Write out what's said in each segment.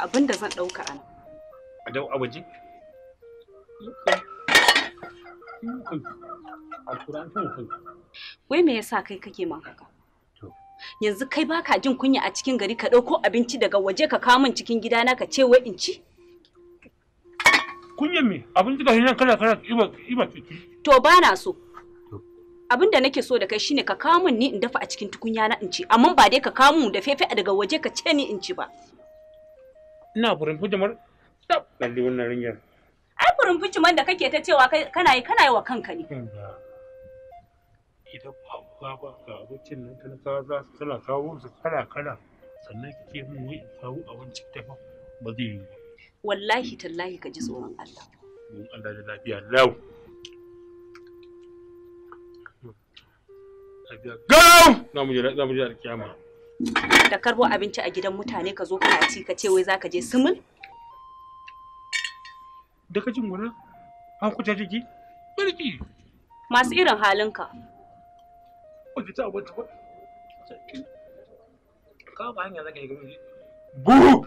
abin da zan ɗauka a nan. A dau Wai me yasa kai kake man haka? Yanzu kai baka jin kunya a cikin gari ka ɗauko abinci daga waje ka kawo min cikin gidana ka ce wai in ci? Kunyan me? Abinci da hinan kala kala iba ciki. To ba na so. Abin da nake so da kai shine ka kawo min ni in dafa a cikin tukunya na in ci, amma ba dai ka kawo mu da fefe daga waje ka ce ni in ci ba. ina burin fujimar stop lalle wannan ringiyar ai burin fujiman da kake ta cewa kana yi kana yi wa kanka ne ita ba ba ga abincin nan talakawa za su tana kawo su kala kala sannan kike mun yi kawo abincin ta ba ba zai yi wallahi tallahi ka ji tsoron Allah mun Allah da lafiya lau Gau! Za mu je da karbo abinci a gidan mutane ka zo kana ci ka ce wai zaka je sumul da kajin gona an kuta jiki barki masu irin halinka wanda ta abinci ba ka ba hanya zaka yi gumi buhu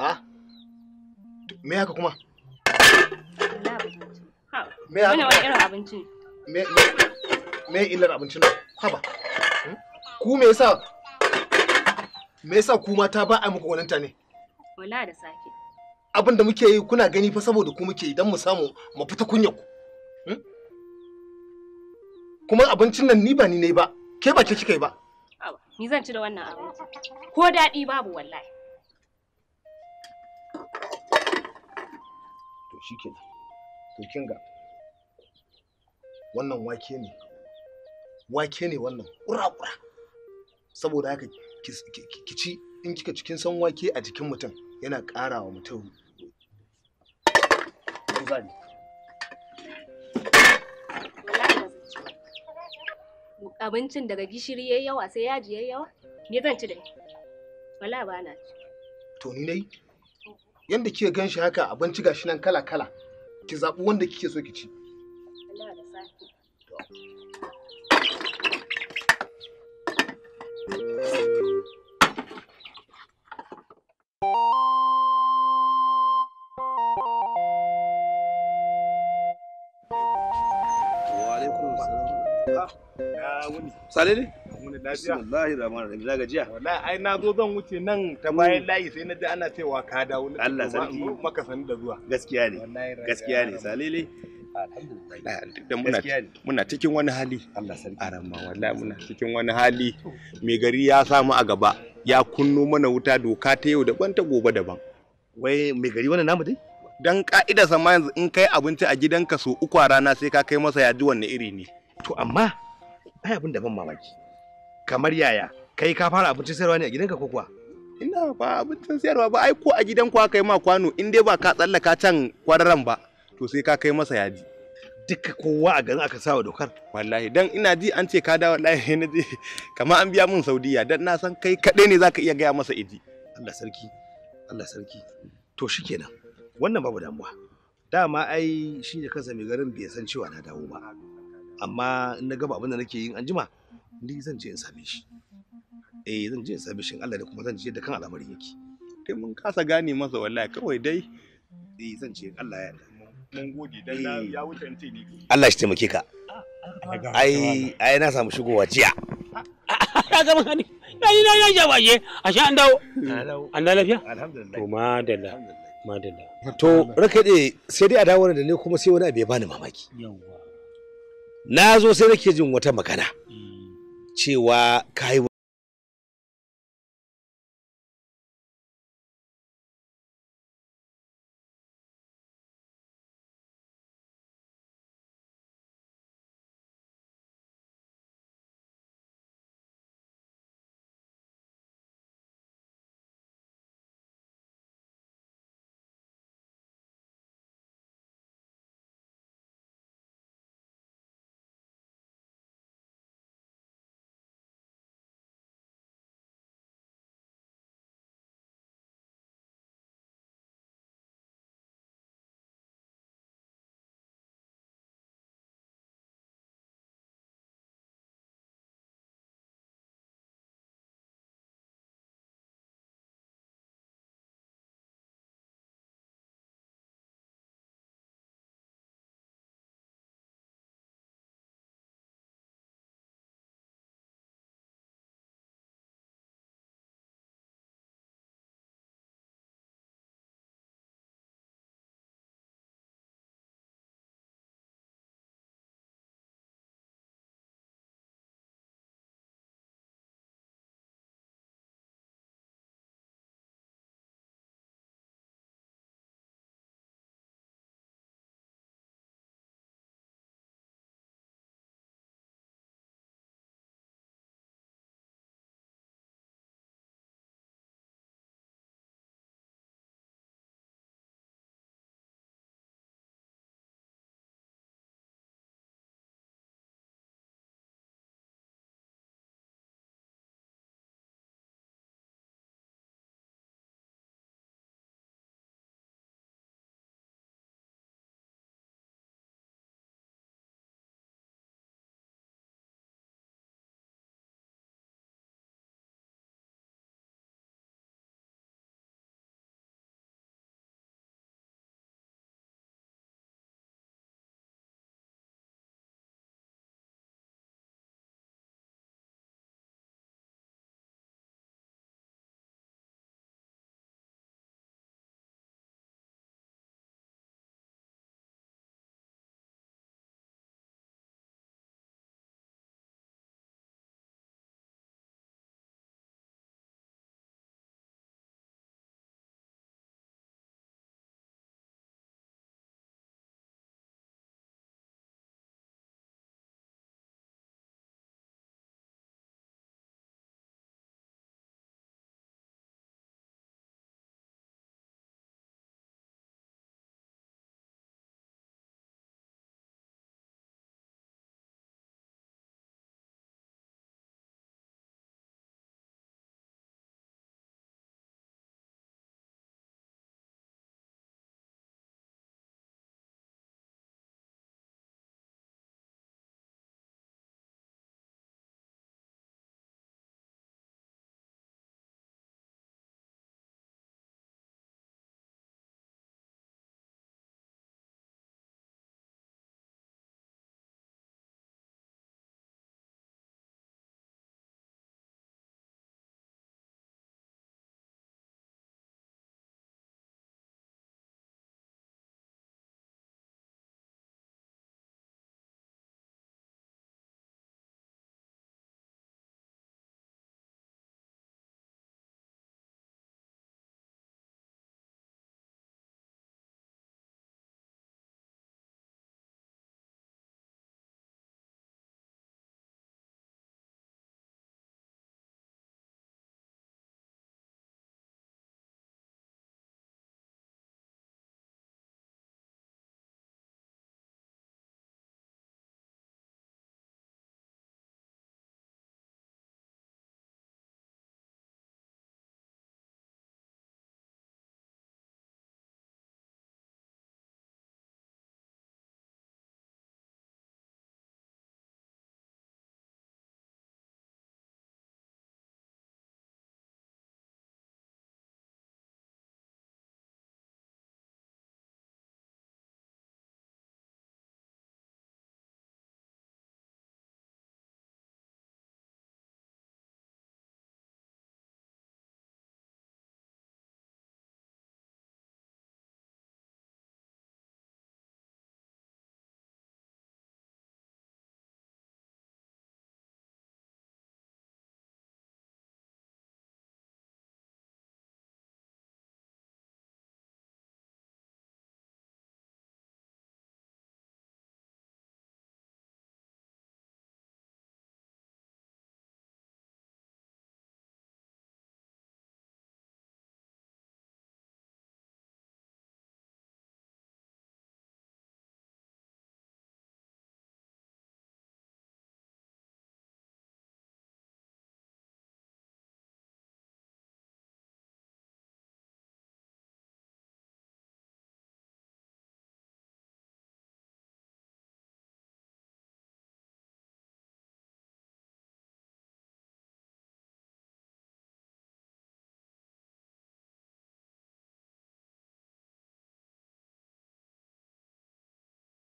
Ah, me haka kuma? me wani irin abinci me me illar abincin haba hmm? ku me yasa me yasa ku mata ba a muku walanta ne wala da sake abin da muke yi kuna gani fa saboda ku muke idan mu samu mu fita kunya ku hmm? kuma abincin nan ni ba ni ne ba ke ba ke kika yi ba ni zan ci da wannan abinci ko daɗi babu wallahi to shikenan to kinga wannan wake ne wake ne wannan kura-kura saboda haka ki ci in kika cikin san wake a jikin mutum yana ƙara wa mutum kuzari abincin daga gishiri yayi yawa sai yaji yayi yawa ni zan ci da wala ba na ci to ni nayi yanda kika ganshi haka abinci gashi nan kala kala ki zabi wanda kike so ki ci Ah, Sale ne? Muni lafiya. Bismillahi rahman Wallahi ai na zo zan wuce nan ta bayan layi sai na ji ana cewa ka dawo. Allah sarki. Maka sani da zuwa. Gaskiya ne. Gaskiya ne. Salele. muna cikin wani hali wallahi muna cikin wani hali mai gari ya samu a gaba ya kunno mana wuta doka ta yau daban ta gobe daban wai mai gari wannan namu dai dan ka'ida sama yanzu in kai abinci a gidanka so uku a rana sai ka kai masa yaji wanne iri ne to amma ai abin da ban mamaki kamar yaya kai ka fara abincin sayarwa ne a gidanka ko kuwa ina ba abincin sayarwa ba ai ko a gidan kwa kai ma kwano in dai ba ka tsallaka can kwararan ba to sai ka kai masa yaji duka kowa a garin aka sawa dokar wallahi dan ina ji an ce ka da wallahi na ji kamar an biya mun saudiya dan na san kai kadai ne zaka iya gaya masa iji Allah sarki Allah sarki to shikenan wannan babu damuwa dama ai shi da kansa mai garin bai san cewa na dawo ba amma in na gaba abin da nake yin anjima ni zan je in same shi eh zan je in same shi Allah da kuma zan je da kan al'amari yake dai mun kasa gane masa wallahi kawai dai eh zan je Allah ya yarda mun gode dan na ya wuce ni Allah shi taimake ka ai ai na samu shigowa jiya ka ga maka ni na ni na ya ja waje a sha an dawo an da lafiya alhamdulillah to madalla madalla to raka dai sai dai a dawo da ne kuma sai wani abu ya bani mamaki na zo sai nake jin wata magana mm. cewa kai